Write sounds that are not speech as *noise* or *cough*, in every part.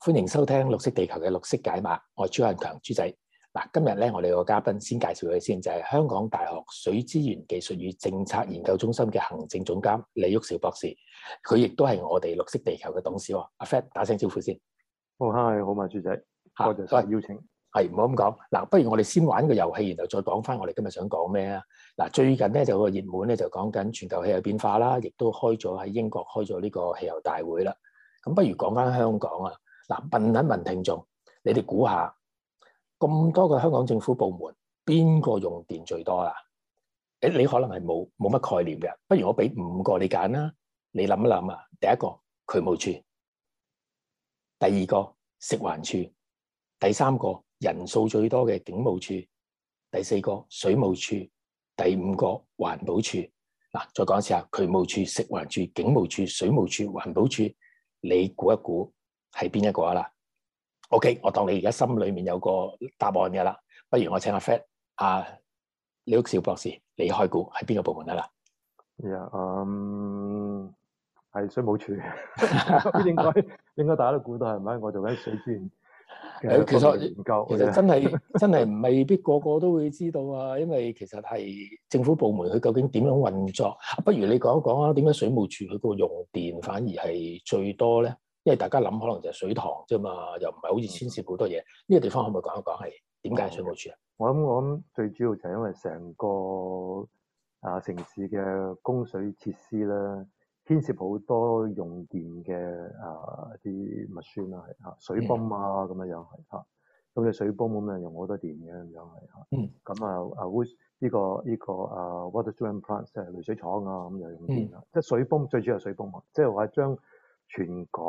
歡迎收聽《綠惜地球》嘅《綠色解碼》，我係朱漢強朱仔。嗱，今日咧，我哋個嘉賓先介紹佢先，就係、是、香港大學水資源技術與政策研究中心嘅行政總監李煜紹博士，佢亦都係我哋《綠惜地球》嘅董事、哦。阿 Fred，打聲招呼先。，Hi，、哦、好，嘛，朱仔，多謝,謝,、啊謝,謝 Bye. 邀請。係唔好咁講嗱，不如我哋先玩個遊戲，然後再講翻我哋今日想講咩啊嗱，最近咧就熱門咧就講緊全球氣候變化啦，亦都開咗喺英國開咗呢個氣候大會啦。咁不如講翻香港啊嗱，問一問聽眾，你哋估下咁多個香港政府部門邊個用電最多啊？誒，你可能係冇冇乜概念嘅。不如我俾五個你揀啦，你諗一諗啊。第一個渠務處，第二個食環處，第三個，人數最多嘅警務處，第四個水務處，第五個環保處。嗱，再講一次啊，渠務處、食環處、警務處、水務處、環保處，你估一估係邊一個啊？啦，OK，我當你而家心裏面有個答案嘅啦。不如我請阿 Fred 啊李煜紹博士，你開估，係邊個部門啊？啦，啊，係水務處， *laughs* 應該應該大家都估到係咪？我做緊水資源。誒，其實其實真係 *laughs* 真係未必個個都會知道啊，因為其實係政府部門佢究竟點樣運作？不如你講一講啊，點解水務署佢個用電反而係最多咧？因為大家諗可能就係水塘啫嘛，又唔係好似牽涉好多嘢。呢、嗯呢個地方可唔可以講一講係點解水務署啊？我諗我諗最主要就係因為成個啊城市嘅供水設施咧。牽涉好多用電嘅啊啲物酸啊，係嚇水泵啊咁樣樣，係嚇，咁嘅水泵咁啊用好多電嘅咁樣係嚇。咁啊啊會呢個呢個啊 water treatment plant 即係濾水廠啊，咁又用電啊，即係水泵最主要係水泵啊，即係話將全港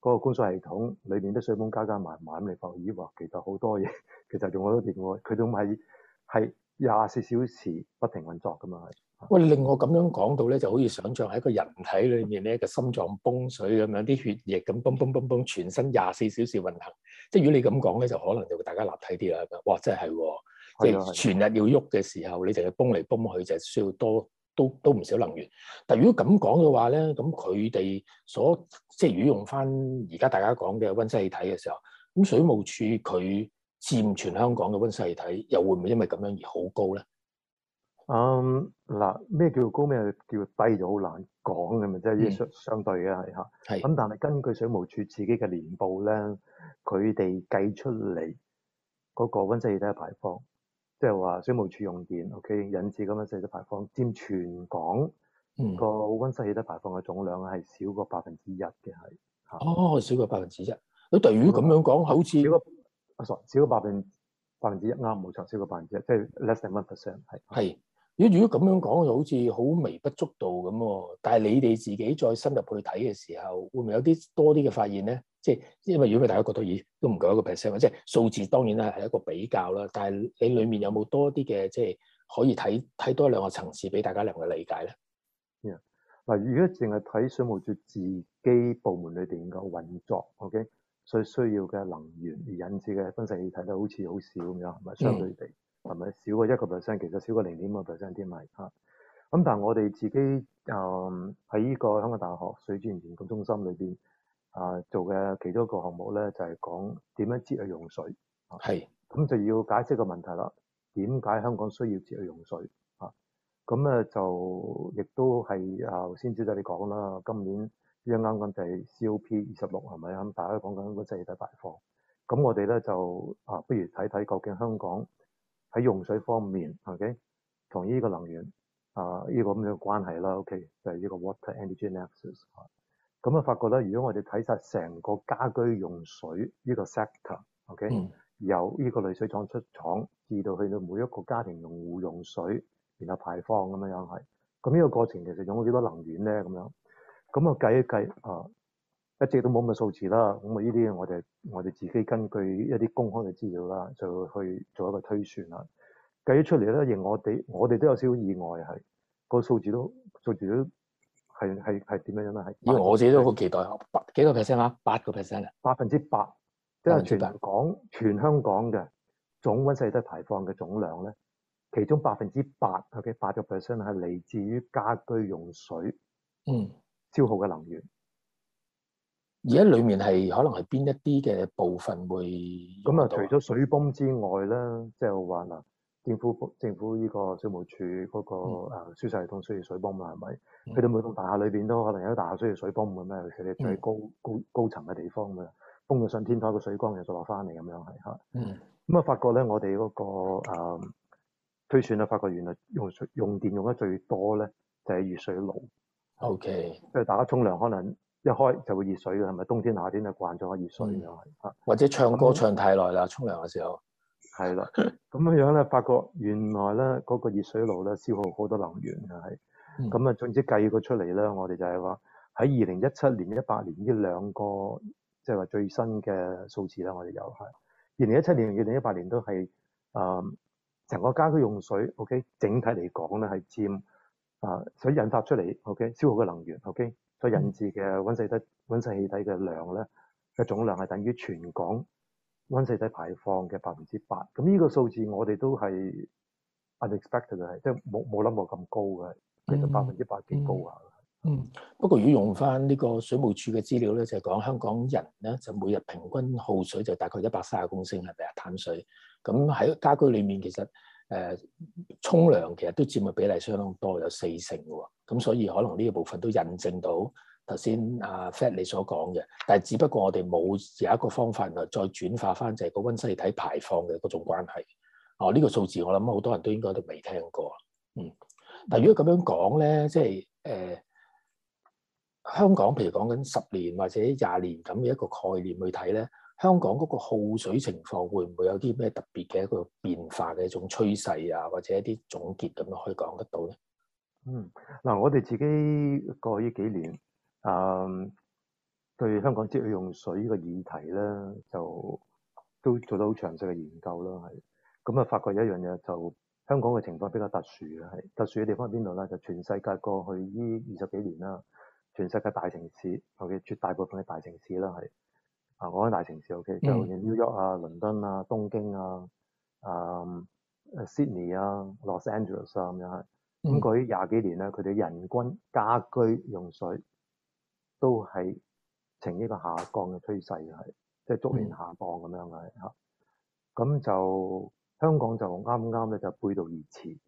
嗰個供水系統裏邊啲水泵加加埋埋咁嚟放，咦話其實好多嘢，其實用好多電喎。佢仲係係廿四小時不停運作㗎嘛。喂，令我咁樣講到咧，就好似想像喺一個人體裏面咧，個心臟泵水咁樣，啲血液咁泵泵泵泵全身廿四小時運行。即係如果你咁講咧，就可能就會大家立體啲啦。哇，真係係喎，即係全日要喐嘅時候，你淨係泵嚟泵去，就係、是、需要多都都唔少能源。但係如果咁講嘅話咧，咁佢哋所即如果用翻而家大家講嘅溫室氣體嘅時候，咁水務署佢佔全香港嘅溫室氣體，又會唔會因為咁樣而好高咧？嗯嗱，咩叫高咩叫低就好難講嘅嘛。即係相相對嘅係吓。咁但係根據水務署自己嘅年報咧，佢哋計出嚟嗰個溫室氣體排放，即係話水務署用電，OK，引致咁樣溫室氣體排放佔全港個溫室氣體排放嘅總量係少過百分之一嘅係。哦，少過百分之一。咁但如果咁樣講，好似，啊少過百分百分之一啱冇錯，少過百分之一，即係 less than one percent 係係。如果如果咁樣講，就好似好微不足道咁喎。但係你哋自己再深入去睇嘅時候，會唔會有啲多啲嘅發現咧？即係因為如果大家覺得咦，都唔夠一個 percent，即係數字當然啦係一個比較啦。但係你裡面有冇多啲嘅即係可以睇睇多兩個層次俾大家嚟去理解咧？嗱，如果淨係睇水務署自己部門裏邊嘅運作，OK，所以需要嘅能源而引致嘅溫室氣體咧，好似好少咁樣，咪相對地。嗯係咪少過一個 percent？其實少過零點五個 percent 添埋吓。咁、啊、但係我哋自己誒喺呢個香港大學水資源研究中心裏邊啊做嘅其中一個項目咧，就係講點樣節約用水。係、啊、咁、啊、就要解釋個問題啦。點解香港需要節約用水？啊咁啊就亦都係啊先主持你講啦。今年呢啱啱就係 COP 二、啊、十六係咪咁，大家講緊個氣體排放。咁我哋咧就啊，不如睇睇究竟香港。喺用水方面，OK，同呢個能源啊呢、呃這個咁樣關係啦，OK，就係呢個 water energy nexus。咁啊，我發覺咧，如果我哋睇晒成個家居用水呢個 sector，OK，okay？嗯、由呢個濾水廠出廠，至到去到每一個家庭用戶用水，然後排放咁樣係，咁呢個過程其實用咗幾多能源咧？咁樣咁啊計一計啊。呃一直都冇咁嘅數字啦，咁啊呢啲我哋我哋自己根據一啲公開嘅資料啦，就去做一個推算啦，計咗出嚟咧，而我哋我哋都有少少意外，係、個數字都數字都係係係點樣樣咧？係我自己都好期待，百幾個 percent 啊，八個 percent，百分之百。即、啊、係全港全香港嘅總溫室氣體排放嘅總量咧，其中百分之八嘅八個 percent 係嚟自於家居用水嗯消耗嘅能源。嗯而家裏面係可能係邊一啲嘅部分會咁啊？除咗水泵之外咧，即係話嗱，政府政府呢個水務署嗰個誒輸水系統需要水泵嘛，係、嗯、咪？佢哋每棟大廈裏邊都可能有啲大廈需要水泵嘅咩？佢哋最高、嗯、高高，高層嘅地方嘅泵到上天台個水缸又再落翻嚟咁樣係吓。嗯。咁啊，發覺咧，我哋嗰、那個誒、嗯、推算啊，發覺原來用用電用得最多咧，就係熱水爐。O K。因為大家沖涼可能。一開就會熱水嘅係咪？冬天夏天就慣咗開熱水咁樣、嗯，或者唱歌唱太耐啦，沖涼嘅時候係啦，咁樣咧，發覺原來咧嗰個熱水爐咧消耗好多能源嘅係。咁、嗯、啊，總之計過出嚟咧，我哋就係話喺二零一七年、一八年呢兩個即係話最新嘅數字啦。我哋有係二零一七年、二零一八年都係誒成個家居用水 OK，整體嚟講咧係佔，啊，所以引發出嚟 OK 消耗嘅能源 OK。個引致嘅溫室體溫室氣體嘅量咧嘅總量係等於全港溫室體排放嘅百分之八。咁呢個數字我哋都係 unexpected 嘅，即係冇冇諗過咁高嘅，其實百分之八幾高啊、嗯。嗯，不過如果用翻呢個水務署嘅資料咧，就係、是、講香港人咧就每日平均耗水就大概一百三十公升係咪啊？淡水咁喺家居裏面其實。誒沖涼其實都佔嘅比例相當多，有四成喎。咁所以可能呢個部分都印證到頭先阿 Fat 你所講嘅，但係只不過我哋冇有，有一個方法嚟再轉化翻，就係、是、個溫室氣體排放嘅嗰種關係。哦，呢、這個數字我諗好多人都應該都未聽過。嗯，但係如果咁樣講咧，即係誒、呃、香港譬如講緊十年或者廿年咁嘅一個概念去睇咧。香港嗰個耗水情況會唔會有啲咩特別嘅一個變化嘅一種趨勢啊，或者一啲總結咁樣可以講得到咧？嗯，嗱，我哋自己過去呢幾年，嗯，對香港節約用水個議題咧，就都做得好詳細嘅研究咯，係。咁、嗯、啊，發覺有一樣嘢就係、香港嘅情況比較特殊嘅，係特殊嘅地方喺邊度咧？就全世界過去呢二十幾年啦，全世界大城市，尤其絕大部分嘅大城市啦，係。啊，講緊大城市 OK，就好似 New York 啊、倫敦啊、東京啊、啊、Sydney 啊、Los、mm. Angeles 啊咁樣，咁佢廿幾年咧，佢哋人均家居用水都係呈呢個下降嘅趨勢嘅，係即係逐年下降咁樣嘅嚇。咁、mm. 就香港就啱啱咧就背道而馳。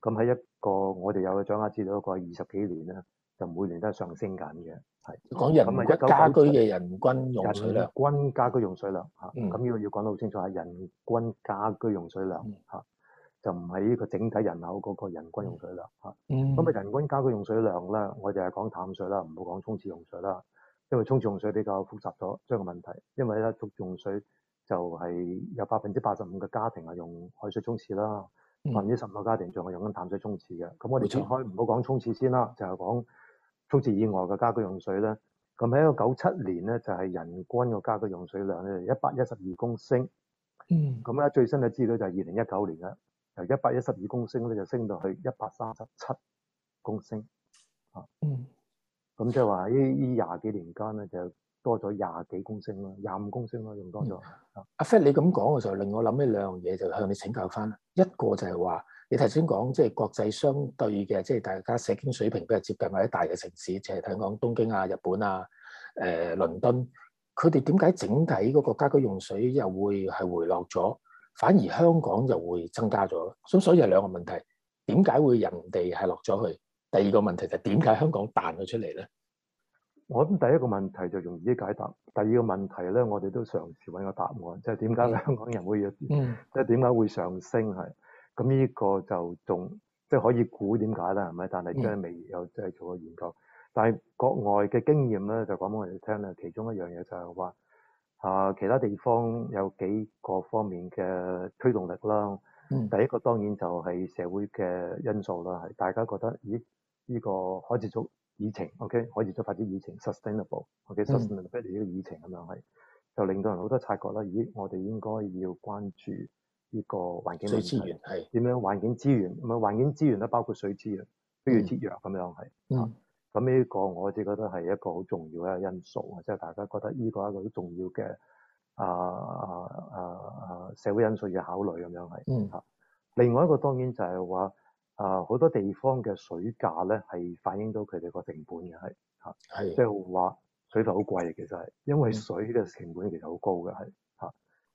咁喺一個我哋有嘅掌握資料，佢話二十幾年咧。就每年都係上升緊嘅，係講人均家居嘅人均用水量，人均家居用水量吓，咁、嗯、要要講得好清楚，人均家居用水量吓、嗯，就唔係呢個整體人口嗰個人均用水量吓，咁、嗯、啊人均家居用水量咧，我哋係講淡水啦，唔好講沖廁用水啦，因為沖廁用水比較複雜咗，將個問題，因為咧足用水就係有百分之八十五嘅家庭係用海水沖廁啦，百分之十五嘅家庭仲係用緊淡水沖廁嘅，咁我哋除開唔好講沖廁先啦，就係講。除咗以外嘅家居用水咧，咁喺個九七年咧就係、是、人均嘅家居用水量咧一百一十二公升。嗯。咁咧最新嘅資料就係二零一九年嘅，由一百一十二公升咧就升到去一百三十七公升。啊、嗯。嗯。咁即係話喺呢廿幾年間咧就多咗廿幾公升啦，廿五公升啦用多咗。阿 Fat 你咁講嘅時候令我諗起兩樣嘢就向你請教翻，一個就係話。你頭先講即係國際相對嘅，即係大家社經水平比較接近或者大嘅城市，淨係睇講東京啊、日本啊、誒、呃、倫敦，佢哋點解整體個國家嘅用水又會係回落咗，反而香港又會增加咗？咁所以有兩個問題：點解會人哋係落咗去？第二個問題就係點解香港彈咗出嚟咧？我諗第一個問題就容易解答，第二個問題咧，我哋都嘗試揾個答案，即係點解香港人會有，即係點解會上升係？咁呢個就仲即係可以估點解啦，係咪？但係真係未有即係、嗯、做過研究。但係國外嘅經驗咧，就講俾我哋聽啦。其中一樣嘢就係話，啊、呃，其他地方有幾個方面嘅推動力啦。嗯。第一個當然就係社會嘅因素啦，係大家覺得，咦？呢、呢個可持續議程，OK，可持續發展議程，sustainable，OK，sustainable 呢、嗯呢個議程咁樣係，就令到人好多察覺啦。咦？我哋應該要關注。呢、這個環境資源係點樣？環境資源咁，啊、嗯，環境資源咧包括水資源，都要節約咁樣係。嗯。咁呢個我自己覺得係一個好重要嘅因素啊，即、就、係、是、大家覺得呢個係一個好重要嘅啊啊，啊社會因素要考慮咁樣係。嗯。另外一個當然就係話啊，好多地方嘅水價咧係反映到佢哋個成本嘅係嚇，係、啊、即係話水費好貴其實係，因為水嘅成本其實好高嘅係嚇，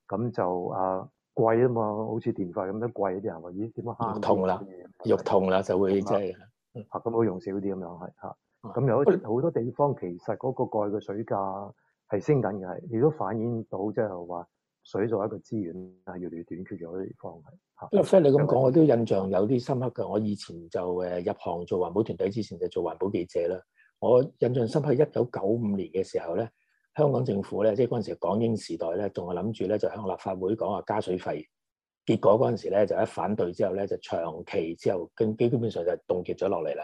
咁、嗯、就啊。貴啊嘛，好似電費咁樣貴啲人或咦，點樣慳，肉痛啦，肉痛啦，就會即係嚇咁好用少啲咁樣係，咁有好多地方其實嗰個蓋嘅水價係升緊嘅，亦你都反映到即係話水作為一個資源越嚟越短缺咗啲地方嚇。不過 Fred 你咁講，我都印象有啲深刻嘅。我以前就入行做環保團隊之前就做環保記者啦。我印象深刻一九九五年嘅時候咧。香港政府咧，即係嗰陣時港英時代咧，仲係諗住咧，就喺立法會講話加水費。結果嗰陣時咧，就一反對之後咧，就長期之後跟基本上就凍結咗落嚟啦。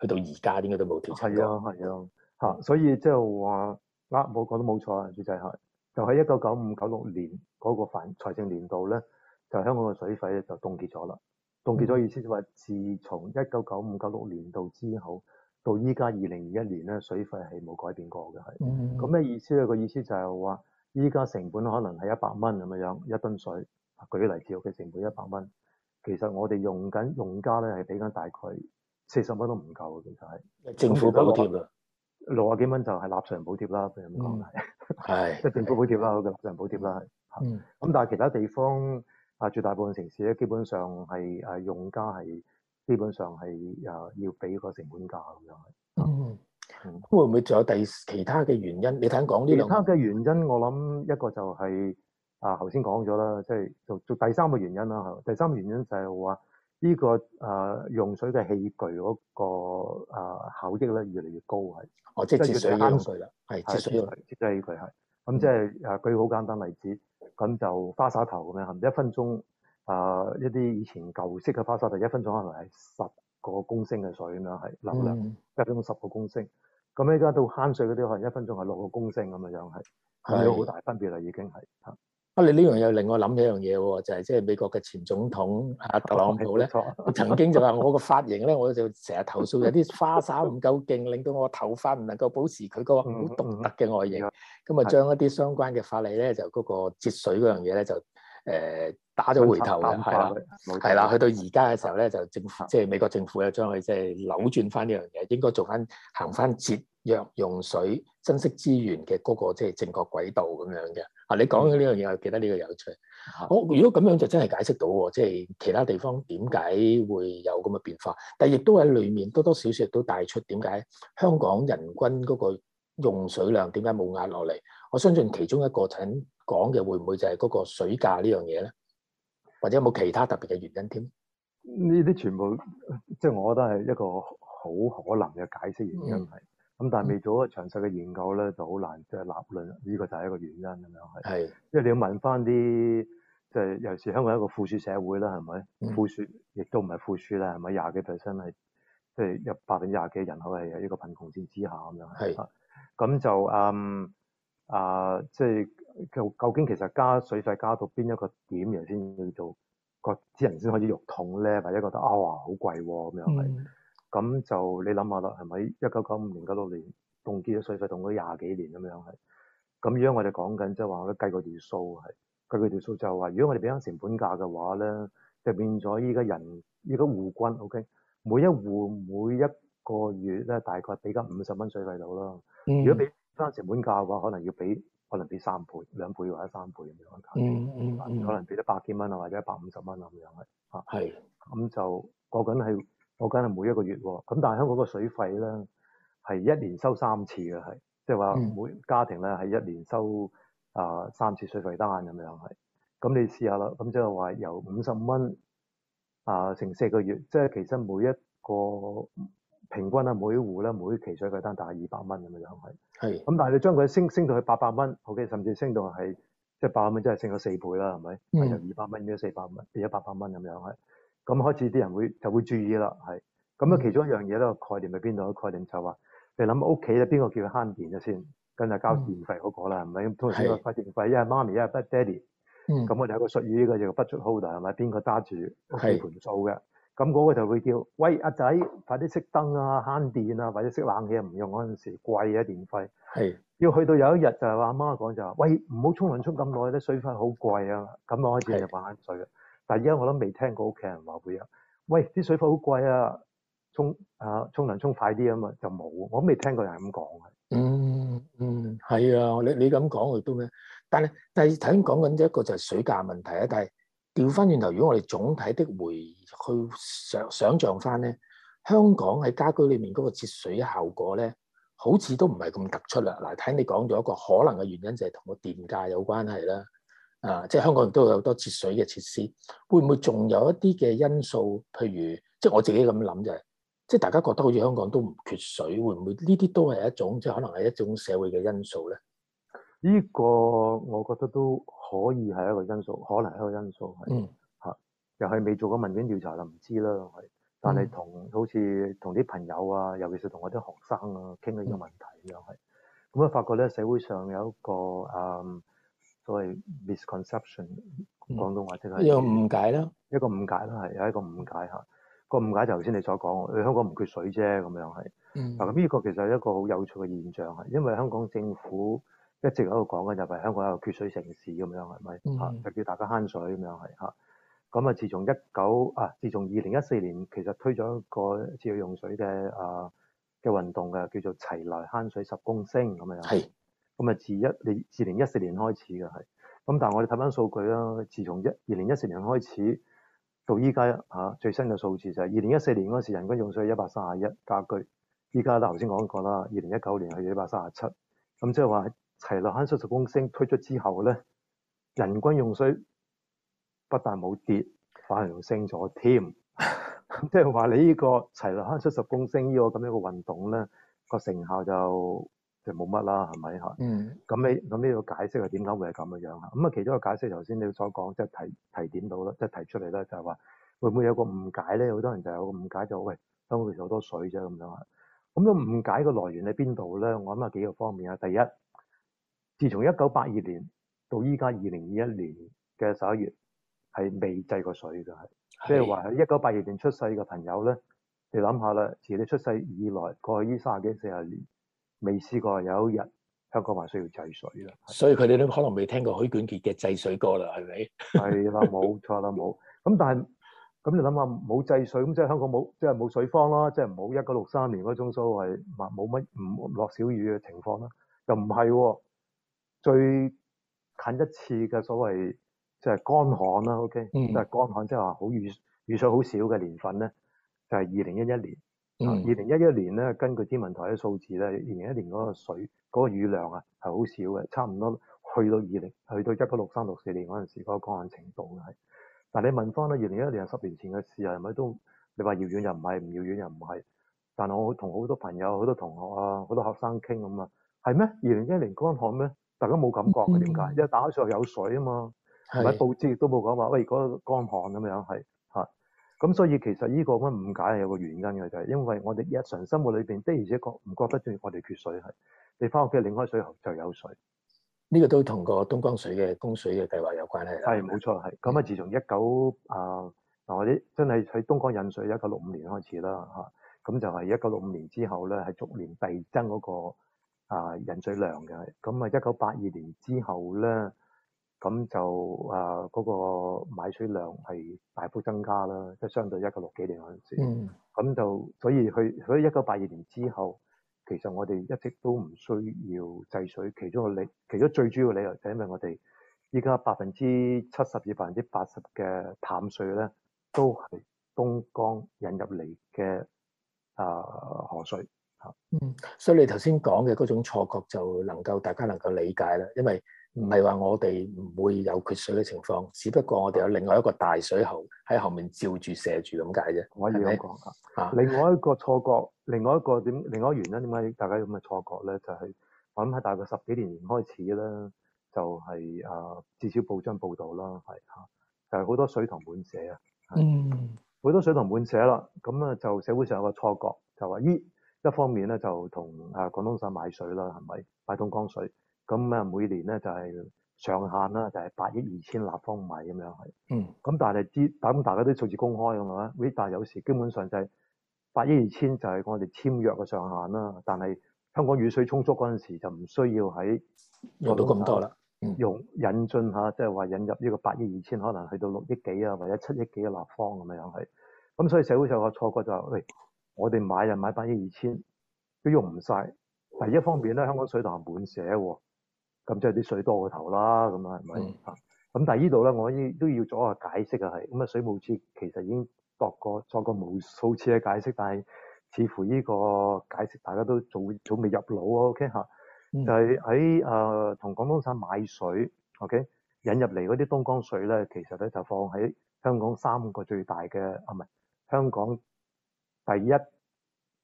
去到而家應該都冇調升過。係啊，係啊，嚇、嗯嗯！所以即係話，啊，我講得冇錯啊，主席嚇。就喺一九九五九六年嗰個反財政年度咧，就香港嘅水費咧就凍結咗啦。凍結咗意思就話，自從一九九五九六年度之後。到依家二零二一年咧，水費係冇改變過嘅，係。咁咩意思咧？個意思就係話，依家成本可能係一百蚊咁嘅樣，一噸水。舉例叫佢成本一百蚊，其實我哋用緊用家咧係俾緊大概四十蚊都唔夠嘅，其實係。政府補貼啊，六啊幾蚊就係納稅人補貼啦。譬如咁講係，係即係政府補貼啦，佢嘅納稅人補貼啦。咁、mm -hmm. 但係其他地方啊，絕大部分城市咧，基本上係誒用家係。基本上係啊，要俾個成本價咁樣、嗯。嗯，會唔會仲有第其他嘅原因？你睇緊講呢兩個？其他嘅原因，我諗一個就係、是、啊，頭先講咗啦，即係做做第三個原因啦。第三個原因就係話呢個啊用水嘅器具嗰、那個啊效益咧，越嚟越高係。哦，即係節水用具啦，係節水用具，節佢係。咁即係啊，舉個好、就是嗯、簡單例子，咁就花灑頭咁樣，係咪一分鐘？啊！一啲以前舊式嘅花灑，就一分鐘可能係十個公升嘅水咁樣，係流量、嗯、一分鐘十個公升。咁咧，依家到慳水嗰啲，可能一分鐘係六個公升咁樣樣係，係有好大分別啦。已經係啊！你呢樣嘢令我諗起一樣嘢喎，就係即係美國嘅前總統啊特朗普咧，曾經就話我個髮型咧， *laughs* 我就成日投訴有啲花灑唔夠勁，令到我頭髮唔能夠保持佢個好獨特嘅外形。咁啊，將一啲相關嘅法例咧，就嗰個節水嗰樣嘢咧，就。誒打咗回頭，咁係啦，係啦，去到而家嘅時候咧，就政府即係、就是、美國政府又將佢即係扭轉翻呢樣嘢，應該做翻行翻節約用水、珍惜資源嘅嗰個即係正確軌道咁樣嘅。啊，你講嘅呢樣嘢，我記得呢個有趣。我如果咁樣就真係解釋到喎，即、就、係、是、其他地方點解會有咁嘅變化，但亦都喺裡面多多少少亦都帶出點解香港人均嗰個用水量點解冇壓落嚟。我相信其中一個就是講嘅會唔會就係嗰個水價呢樣嘢咧？或者有冇其他特別嘅原因添？呢啲全部即係、就是、我覺得係一個好可能嘅解釋原因係。咁、嗯、但係未做一個詳細嘅研究咧，就好難即係立論。呢、這個就係一個原因咁樣係。係。因為你要問翻啲，即、就、係、是、尤其是香港是一個富庶社會啦，係咪、嗯？富庶亦都唔係富庶啦，係咪？廿幾 percent 係即係百分之廿幾人口係喺一個貧窮線之下咁樣。係。咁就嗯。Um, 啊，即係，究究竟其實加水費加到邊一個點樣先叫做個啲人先開始肉痛咧？或者覺得啊哇好貴咁樣係，咁、嗯、就你諗下啦，係咪一九九五年九六年凍結咗水費凍咗廿幾年咁樣係，咁樣我哋講緊即係話我哋計過條數係，計過條數就係、是、話如果我哋俾翻成本價嘅話咧，就變咗依家人依家戶均，OK，每一戶每一個月咧大概俾緊五十蚊水費度啦，嗯，如果俾。當成本價嘅話，可能要俾可能俾三倍、兩倍或者三倍咁樣價錢、嗯嗯嗯、可能俾咗百幾蚊啊，或者一百五十蚊咁樣係啊，係咁就過緊係過緊係每一個月喎、啊。咁但係香港個水費咧係一年收三次嘅，係即係話每家庭咧係一年收啊、呃、三次水費單咁樣係。咁你試下啦，咁即係話由五十蚊啊乘四個月，即係其實每一個。平均咧每戶咧每，每期水費單大概二百蚊咁樣樣係，係。咁但係你將佢升升到去八百蚊，OK，甚至升到係即係八百蚊，即係八百蚊真係升咗四倍啦，係咪、嗯？就二百蚊變咗四百蚊，變咗八百蚊咁樣係。咁、就是就是、開始啲人就會就會注意啦，係。咁啊其中一樣嘢咧個概念喺邊度？概念就話你諗屋企咧邊個叫佢慳電啊先？跟住交電費嗰、那個啦，係咪？咁同時要交電費，一係媽咪，一係不爹哋。嗯。咁我哋有個術語、這個，依個就叫、是、budget holder 係咪？邊個揸住屋企盤數嘅？咁嗰個就會叫，喂阿仔，快啲熄燈啊，慳電啊，或者熄冷氣啊唔用嗰陣時，貴啊電費。係。要去到有一日就係話阿媽講就話，喂唔好沖涼沖咁耐，啲水費好貴啊！咁我開始就玩水啦。但係依家我諗未聽過屋企人話會有，喂啲水費好貴啊，沖啊沖涼沖快啲啊嘛，就冇。我都未聽過人咁講嘅。嗯嗯，係啊，你你咁講我都咩？但係但係頭先講緊一個就係水價問題啊，但係。調翻轉頭，如果我哋總體的回去想想像翻咧，香港喺家居裏面嗰個節水效果咧，好似都唔係咁突出啦。嗱，聽你講咗一個可能嘅原因就係同個電價有關係啦。啊，即係香港人都有好多節水嘅設施，會唔會仲有一啲嘅因素？譬如，即係我自己咁諗就係，即係大家覺得好似香港都唔缺水，會唔會呢啲都係一種即係可能係一種社會嘅因素咧？呢個我覺得都。可以係一個因素，可能係一個因素係嚇、嗯，又係未做過問卷調查就唔知啦，係。但係同、嗯、好似同啲朋友啊，尤其是同我啲學生啊傾呢個問題咁樣係，咁、嗯、啊發覺咧社會上有一個誒、um, 所謂 misconception，廣東話即係一個誤解啦，一個誤解啦係有一個誤解嚇，個誤解就頭先你所講，你香港唔缺水啫咁樣係。嗱咁呢個其實係一個好有趣嘅現象係，因為香港政府，一直喺度講嘅就係香港有缺水城市咁樣係咪？就叫大家慳水咁樣係嚇咁啊！自從一九啊，自從二零一四年其實推咗一個節約用水嘅啊嘅運動嘅，叫做齊來慳水十公升咁樣。係咁啊！自一你二零一四年開始嘅係咁，咁但係我哋睇翻數據啦，自從一二零一四年開始到依家嚇，最新嘅數字就係二零一四年嗰時人均用水一百三十一家居，依家咧頭先講過啦，二零一九年去到一百三十七咁，即係話。齊樂慳七十公升推出之後咧，人均用水不但冇跌，反而升咗添。即係話你呢個齊樂慳七十公升呢個咁樣嘅運動咧，個成效就就冇乜啦，係咪嚇？嗯。咁你咁呢個解釋係點解會係咁嘅樣啊？咁啊，其中一個解釋頭先你所講即係提提點到啦，即係提出嚟啦，就係話會唔會有個誤解咧？好多人就有個誤解就係，喂，香港其實好多水啫咁樣啊。咁樣誤解嘅來源喺邊度咧？我諗有幾個方面啊。第一。自從一九八二年到依家二零二一年嘅十一月，係未制過水㗎，係即係話喺一九八二年出世嘅朋友咧，你諗下啦，自你出世以來，過去呢三十幾四十年，未試過有一日香港還需要制水啦。所以佢哋都可能未聽過許冠傑嘅制水歌啦，係咪？係啦，冇錯啦，冇。 *laughs* 咁但係咁你諗下，冇制水咁即係香港冇，即係冇水荒啦，即係冇一九六三年嗰種所謂冇冇乜唔落小雨嘅情況啦，又唔係喎。最近一次嘅所謂即係乾旱啦，OK，即、mm. 係乾旱，即係話好雨雨水好少嘅年份咧，就係二零一一年。二零一一年咧，根據天文台嘅數字咧，二零一一年嗰個水嗰、嗰個雨量啊係好少嘅，差唔多去到二零去到一九六三六四年嗰陣時嗰個乾旱程度係。但係你問翻啦，二零一一年係十年前嘅事啊，係咪都你話遙遠又唔係，唔遙遠又唔係。但係我同好多朋友、好多同學啊、好多學生傾咁啊，係咩？二零一一年乾旱咩？大家冇感覺嘅點解？因為打開水有水啊嘛，係咪？報紙亦都冇講話。喂，如果乾旱咁樣係咁，所以其實呢個乜誤解係有個原因嘅，就係、是、因為我哋日常生活裏面的而且確唔覺得中意我哋缺水係。你翻屋企拎開水喉就有水。呢、這個都同個東江水嘅供水嘅計劃有關係係冇錯，係咁啊！自從一九啊嗱，我哋真係喺東江引水，一九六五年開始啦，咁就係一九六五年之後咧，係逐年遞增嗰、那個。啊，引水量嘅，咁啊，一九八二年之後咧，咁就啊，嗰、個買水量係大幅增加啦，即係相對一九六幾年嗰陣時。咁、嗯、就所以佢所以一九八二年之後，其實我哋一直都唔需要制水，其中個理，其中最主要理由就因為我哋依家百分之七十至百分之八十嘅淡水咧，都係東江引入嚟嘅啊河水。嗯，所以你頭先講嘅嗰種錯覺就能夠大家能夠理解啦，因為唔係話我哋唔會有缺水嘅情況，只不過我哋有另外一個大水喉喺後面照住射住咁解啫。可以咁講啊。另外一個錯覺，另外一個點，另外一個原因點解大家咁嘅錯覺咧，就係、是、我諗喺大概十幾年前開始咧，就係、是、誒至少報章報道啦，係吓，就係、是、好多水塘滿瀉啊，嗯，好多水塘滿瀉啦，咁啊就社會上有一個錯覺，就話依。咦一方面咧就同啊廣東省買水啦，係咪買東江水？咁啊每年咧就係上限啦，就係八億二千立方米咁樣係。嗯。咁但係知，咁大家都數字公開咁啊？喂，但係有時基本上就係八億二千就係我哋簽約嘅上限啦。但係香港雨水充足嗰陣時候就唔需要喺用到咁多啦，用引進下，即係話引入呢個八億二千，可能去到六億幾啊，或者七億幾嘅立方咁樣係。咁所以社會上個錯覺就係、是、喂。哎我哋買啊買返一二千，佢用唔晒。第一方面咧，香港水塘滿瀉喎，咁即係啲水多過頭啦，咁樣係咪？咁但係呢度咧，我亦都要做下解釋啊，係咁啊，水務署其實已經度過作過無數次嘅解釋，但係似乎呢個解釋大家都早早未入腦 OK、嗯、就係喺誒同廣東省買水，OK 引入嚟嗰啲東江水咧，其實咧就放喺香港三個最大嘅唔係？香港。第一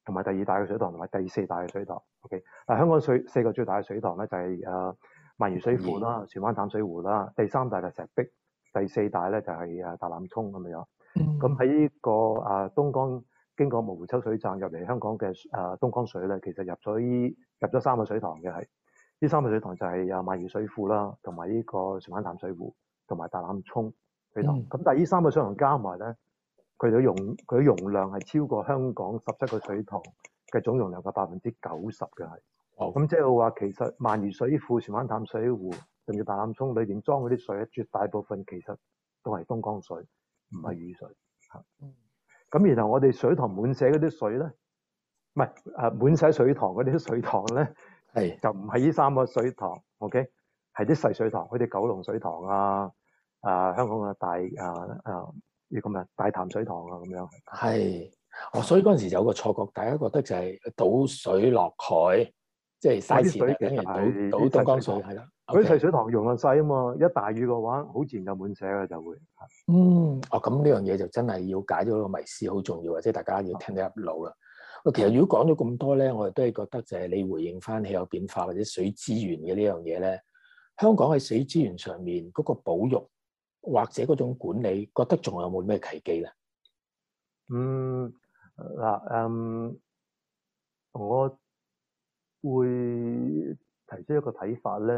同埋第二大嘅水塘同埋第四大嘅水塘，OK。嗱香港水四個最大嘅水塘咧就係誒萬宜水庫啦、船、嗯、灣淡水湖啦，第三大就石壁，第四大咧就係誒大欖涌。咁嘅樣。咁喺呢個誒東江經過木湖抽水站入嚟香港嘅誒東江水咧，其實入咗呢入咗三個水塘嘅係呢三個水塘就係誒萬宜水庫啦、同埋呢個船灣淡水湖同埋大欖涌水塘。咁、嗯、但係呢三個水塘加埋咧。佢啲容佢容量係超過香港十七個水塘嘅總容量嘅百分之九十嘅係，哦，咁即係話其實萬宜水庫、船灣淡水湖、甚至大欖涌裏邊裝嗰啲水，絕大部分其實都係東江水，唔係雨水。吓、mm -hmm.，咁然後我哋水塘滿瀉嗰啲水咧，唔係誒滿瀉水塘嗰啲水塘咧，係就唔係呢三個水塘，OK，係啲細水塘，好似九龍水塘啊，啊香港嘅大啊啊。啊呢個大潭水塘啊，咁樣係，哦，所以嗰陣時就有個錯覺，大家覺得就係倒水落海，即係嘥水嘅，倒倒，倒東江水係啦。嗰啲細水塘容量細啊嘛，一大雨嘅話，好自然就滿瀉啦，就會。嗯，哦，咁呢樣嘢就真係要解咗個迷思，好重要，或、就、者、是、大家要聽得入腦啦。我、嗯、其實如果講咗咁多咧，我哋都係覺得就係你回應翻氣候變化或者水資源嘅呢樣嘢咧，香港喺水資源上面嗰個保育。或者嗰種管理，覺得仲有冇咩契機咧？嗯，嗱，嗯，我會提出一個睇法咧，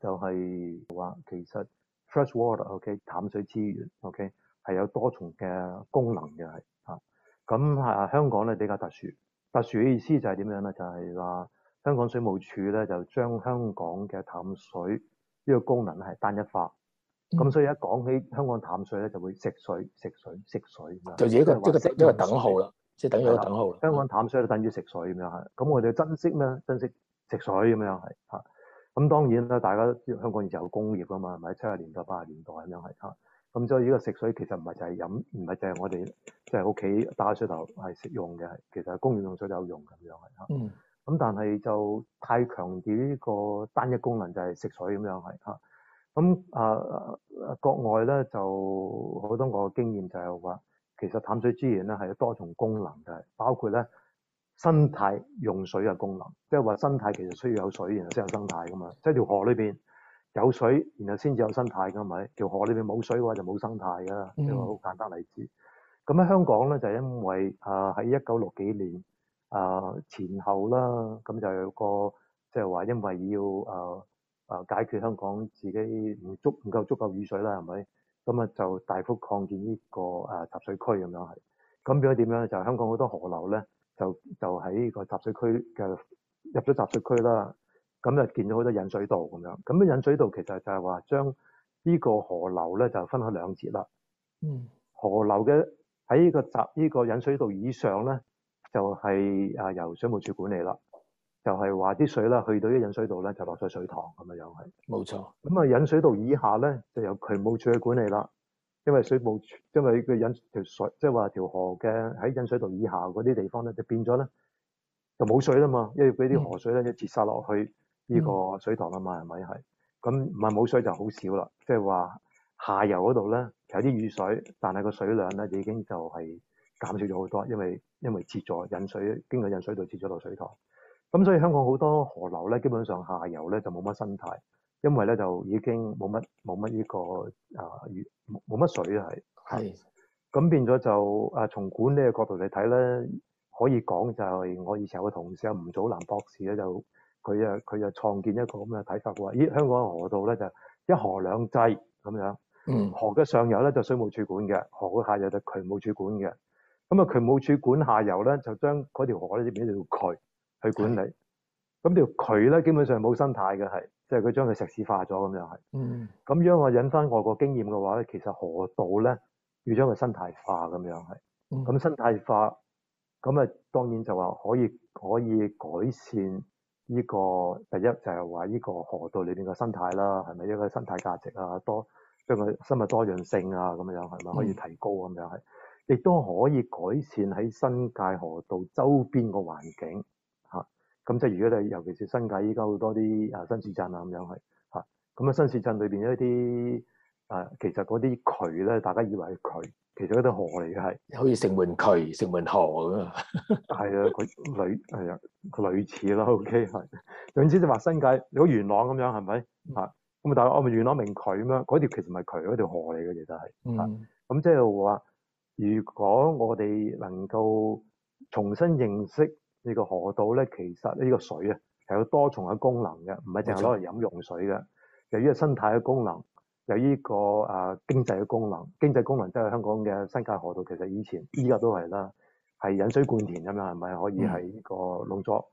就係話其實 fresh water，OK，淡水資源，OK 係有多重嘅功能嘅，係嚇。咁啊，香港咧比較特殊，特殊嘅意思就係點樣咧？就係話香港水務署咧就將香港嘅淡水呢個功能咧係單一化。咁所以一講起香港淡水咧，就會食水、食水、食水，食水就一、這個即個一個等號啦，即係等於一個等號啦。香港淡水就等於食水咁樣係，咁我哋珍惜咩？珍惜食水咁樣係吓。咁當然啦，大家都知道香港以前有工業㗎嘛，係咪？七十年代、八十年代咁樣係吓。咁所以呢個食水其實唔係就係飲，唔係就係我哋即係屋企打水頭係食用嘅，其實工業用水都有用咁樣係吓。咁、嗯、但係就太強調呢個單一功能就係食水咁樣係吓。咁啊、呃，國外咧就好多個經驗就係話，其實淡水資源咧係有多重功能嘅，包括咧生態用水嘅功能，即係話生態其實需要有水，然後先有生態噶嘛。即係條河裏邊有水，然後先至有生態噶嘛。條河裏邊冇水嘅話就冇生態噶啦。即係好簡單例子。咁喺香港咧就係因為啊喺一九六幾年啊、呃、前後啦，咁就有個即係話因為要啊。呃啊！解決香港自己唔足唔夠足，足夠雨水啦，係咪？咁啊，就大幅擴建呢個啊集水區咁樣係。咁變咗點樣咧？就香港好多河流咧，就就喺呢個集水區嘅入咗集水區啦。咁就建咗好多引水道咁樣。咁啲引水道其實就係話將呢個河流咧就分開兩截啦。嗯。河流嘅喺呢個集呢個引水道以上咧，就係啊由水務署管理啦。就係話啲水啦，去到啲引水道咧，就落咗水，水塘咁嘅樣係冇錯。咁啊，引水道以下咧，就由渠務處去管理啦。因為水務處，因為佢引條水，即係話條河嘅喺引水道以下嗰啲地方咧，就變咗咧就冇水啦嘛。因為嗰啲河水咧就截殺落去呢個水塘啊嘛，係咪係？咁唔係冇水就好少啦。即係話下游嗰度咧有啲雨水，但係個水量咧已經就係減少咗好多，因為因為截咗引水經過引水道截咗落水塘。咁所以香港好多河流咧，基本上下游咧就冇乜生態，因為咧就已經冇乜冇乜依個啊，冇乜水係。係咁變咗就啊，從管理嘅角度嚟睇咧，可以講就係我以前有個同事啊，吳祖藍博士咧，就佢啊佢就創建一個咁嘅睇法嘅話，咦？香港河道咧就一河兩制咁樣，河嘅上游咧就水務處管嘅，河嘅下游就渠務處管嘅。咁啊，渠務處管下游咧就將嗰條河咧變一條渠。去管理咁條渠咧，基本上冇生態嘅係，即係佢將佢石屎化咗咁樣係。嗯，咁如果我引翻外國經驗嘅話咧，其實河道咧要將佢生態化咁樣係。咁、嗯、生態化咁啊，當然就話可以可以改善呢、這個第一就係話呢個河道裏邊嘅生態啦，係咪一個生態價值啊？多將個生物多樣性啊咁樣係咪可以提高咁樣係？亦都、嗯、可以改善喺新界河道周邊個環境。咁即係如果你尤其是新界依家好多啲啊新市鎮啊咁樣係嚇，咁啊新市鎮裏邊一啲啊其實嗰啲渠咧，大家以為係渠，其實嗰條河嚟嘅係，好似城門渠、城門河咁啊，係 *laughs* 啊，佢類係啊，類似啦，OK 係。總之就話新界，你好元朗咁樣係咪嚇？咁啊但係我咪元朗明渠咁啊？嗰條其實唔係渠，嗰條河嚟嘅，其實係。嗯。咁即係話，如果我哋能夠重新認識。呢個河道咧，其實呢個水啊，係有多重嘅功能嘅，唔係淨係攞嚟飲用水嘅。由於個生態嘅功能，由於個啊經濟嘅功能，經濟功能即係香港嘅新界河道，其實以前依家都係啦，係引水灌田咁樣，係咪可以係個農作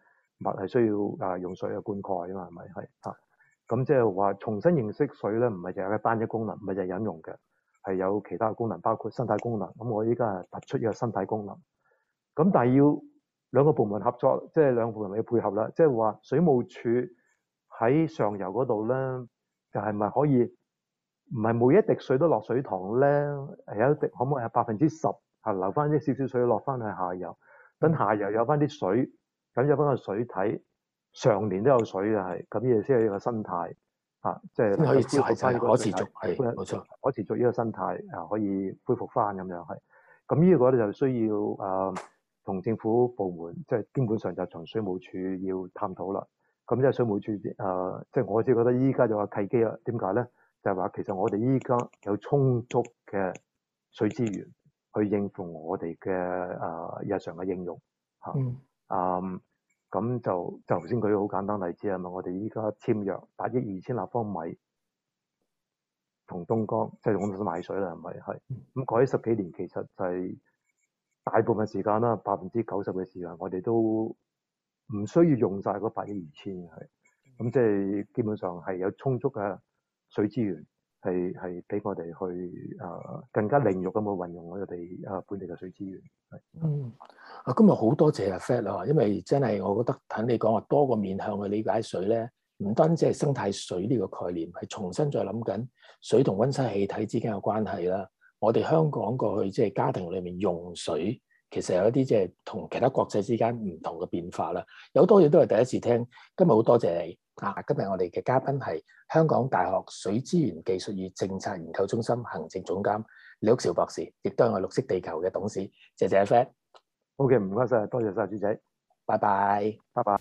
物係需要啊用水嘅灌溉啊嘛？係咪係啊？咁即係話重新認識水咧，唔係淨係單一功能，唔係就係飲用嘅，係有其他嘅功能，包括生態功能。咁我依家係突出呢個生態功能。咁但係要。兩個部門合作，即係兩部門嘅配合啦。即係話水務署喺上游嗰度咧，就係、是、咪可以唔係每一滴水都落水塘咧？係有一滴，可唔可以百分之十嚇留翻一少少水落翻去下游，等下游有翻啲水，咁有翻個水體，常年都有水嘅係，咁呢個先係一個生態嚇，即係、就是、可以恢復翻嗰個生態，冇錯，可持續呢個生態啊，可以恢復翻咁樣係。咁呢個咧就需要啊。呃同政府部門即係基本上就從水務署要探討啦。咁即係水務署誒，即、呃、係、就是、我只覺得依家就話契機啦。點解咧？就係、是、話其實我哋依家有充足嘅水資源去應付我哋嘅誒日常嘅應用嚇。嗯，嗯。咁就就頭先舉個好簡單例子係咪？我哋依家簽約八億二千立方米同東江即係用東山買水啦，係咪？係。咁過咗十幾年，其實就係、是。大部分的時間啦，百分之九十嘅時間，我哋都唔需要用晒嗰八億二千，係咁即係基本上係有充足嘅水資源，係係俾我哋去啊更加靈活咁去運用我哋啊本地嘅水資源。嗯，啊今日好多謝阿 Fat 啊，因為真係我覺得睇你講話多個面向去理解水咧，唔單止係生態水呢個概念，係重新再諗緊水同溫室氣體之間嘅關係啦。我哋香港過去即係家庭裡面用水，其實有一啲即係同其他國際之間唔同嘅變化啦。有好多嘢都係第一次聽。今日好多謝你啊！今日我哋嘅嘉賓係香港大學水資源技術與政策研究中心行政總監李煜紹博士，亦都係我綠惜地球嘅董事。謝謝啊，Fat。O.K. 唔該晒，多謝晒，豬仔。拜拜，拜拜。